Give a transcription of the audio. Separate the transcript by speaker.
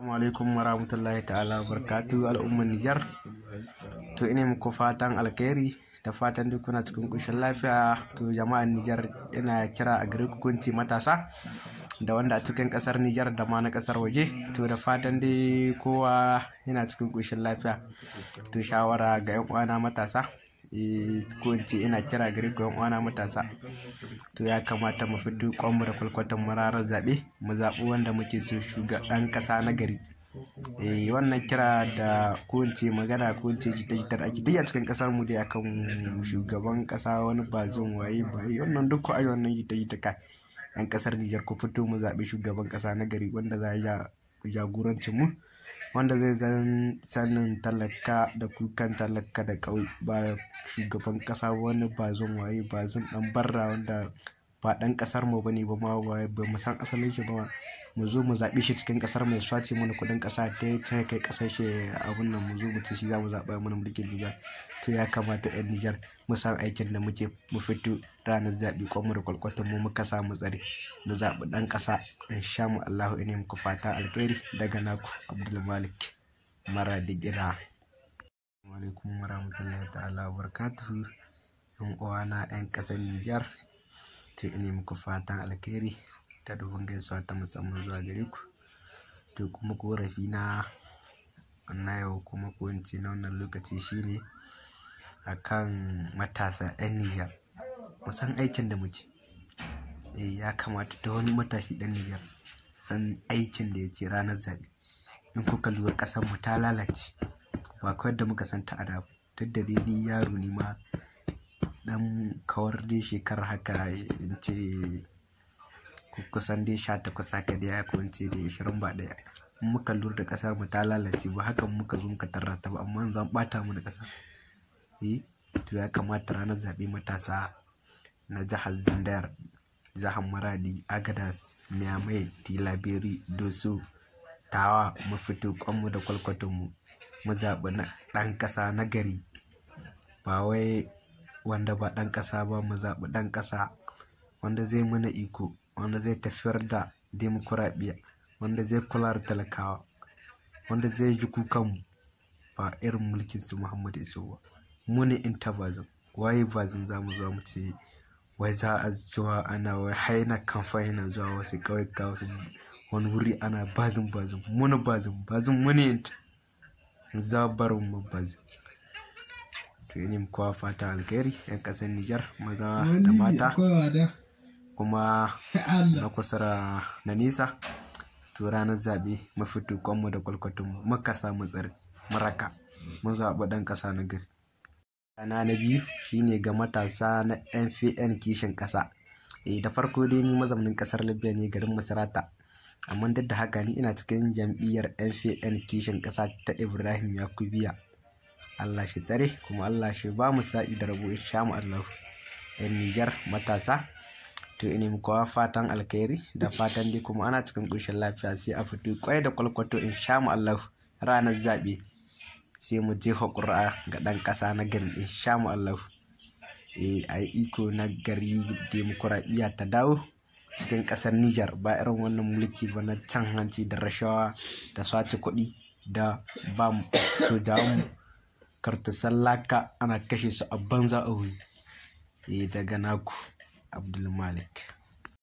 Speaker 1: Assalamu alaikum rahmatullahi ta'ala barkatu al'umman Nijar. To ina muku fatan alkhairi da fatan duk kuna cikin kushin lafiya to jama'an Nijar ina kira a gare hukunci matasa da wanda a cikin kasar Nijar da ma na kasar waje to da fatan dai kowa yana cikin kushin lafiya to shawara ga 'yan uwana matasa Eh, ko ce ina kira gare ku yan matasa to ya kamata mu fito kwanmu da kwalkwatan mararar zaɓe mu zaɓi wanda muke so shugaban ƙasa na gari eh wannan kira da ko magana ko ji ta jita-jitar ake ta a cikin kasar mu da ya kan shugaban kasa wani bazin waye ba wannan duk ko ai wannan jita ta ka yan kasar Niger ku fito mu zaɓi shugaban kasa na gari wanda za ya jagorancin mu wanda zai zan sanin talaka da kukan talaka da ƙauye ba shugaban ƙasa wani bazum waye bazum dan barra wanda ba ɗan ƙasar mu bane ba ma ba mu san asalin shi ba mu zo mu zaɓi shi cikin kasar mu ya sace mana kuɗin ƙasa ta ta kai kasar shi abun nan mu zo mu ci shi za mu zaɓa mana mulkin Nijar to ya kamata ɗan Nijar mu san aikin da muke mu fito ranar zaɓi ko mu rikwalkwatan mu muka sa mu tsare mu zabi ɗan kasa insha mu Allahu ina muku fata alkhairi daga naku Abdulmalik Mara Digira. Assalamu alaikum warahmatullahi ta'ala wabarakatuhu. 'yan uwana 'yan kasar Nijar to ina muku fatan alheri? ta dubin gaisuwa ta musamman zuwa gare ku to kuma korafi na na yau kuma ko in na wannan lokaci shine akan matasa ɗan Nijar mu san aikin da muke eh ya kamata ta wani matashi ɗan Nijar san aikin da yake ranar zaɓe in kuka lura ƙasar mu ta lalace ba kawai da muka santa ta a da duk da dai ni yaro ne ma ɗan kawar da shekara haka in ce kusan dai sha takwas haka ya haka in ce da ishirin ba ɗaya in muka lura da ƙasar mu ta lalace ba haka muka zo muka tarra ba amma zan an ɓata mana ƙasa eh to ya kamata ranar zaɓe matasa na jihar zandar jihar maradi agadas niamey tilaberi doso tawa mu fito kwanmu da kwalkwatonmu mu zaɓi na ɗan ƙasa na gari ba wai wanda ba ɗan ƙasa ba mu zaɓi ɗan ƙasa wanda zai mana iko wanda zai tafiyar da demokuraɗiyya wanda zai kula da talakawa wanda zai ji mu ba irin mulkin su muhammadu iso ba mu ne bazin waye bazin za mu zo mu ce wai za a zuwa ana wai haina kamfani yana zuwa wasu ƙauyuka wasu wani wuri ana bazin bazin muna bazin bazin ta. za barin mu bazin to yi nemi kowa fata alkhairi yan kasar nijar maza da mata kuma na kusura na nisa to ranar zabe mafi tukonmu da kwalkwatunmu makasa samu tsari maraka mun zaɓi ɗan ƙasa na gari rana na biyu shine ga matasa na nfn kishin ƙasa eh da farko dai ni mazaunin ƙasar libya ne garin masarata amma duk da haka ni ina cikin jam'iyyar nfn kishin ƙasa ta ibrahim yakubiya Allah shi tsare kuma Allah shi ba mu sa'i da rabu insha mu Allah yan Nijar matasa to ina muku fatan alkhairi da fatan dai kuma ana cikin kushin lafiya sai a fito kwai da kwalkwato insha mu Allah ranar zabe sai mu jefa qur'a ga dan ƙasa na gari insha mu Allah eh ai iko na gari demokuraɗiyya ta dawo cikin ƙasar Nijar ba irin wannan mulki ba na can hanci da rashawa da sace kuɗi da ba sojawan karta sallaka ana kashe su a banza a wuri eh, daga naku abdulmalik